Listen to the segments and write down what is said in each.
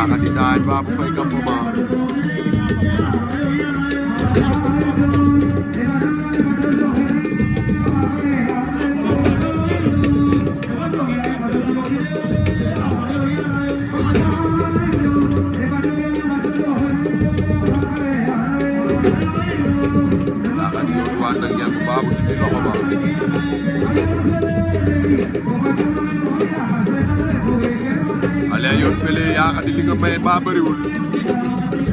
Caxaan di daañ Babou Faye Campement Caxaan di yoon waan na ngeen Babou ci loxo ba daa xadi li nga maye ba bëriwul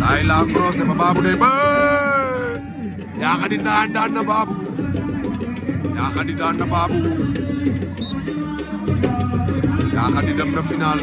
laay laa croisé ma baabu day ba yaa xadi daan daan na baabu yaa xadi daan na baabu yaa xadi dem na final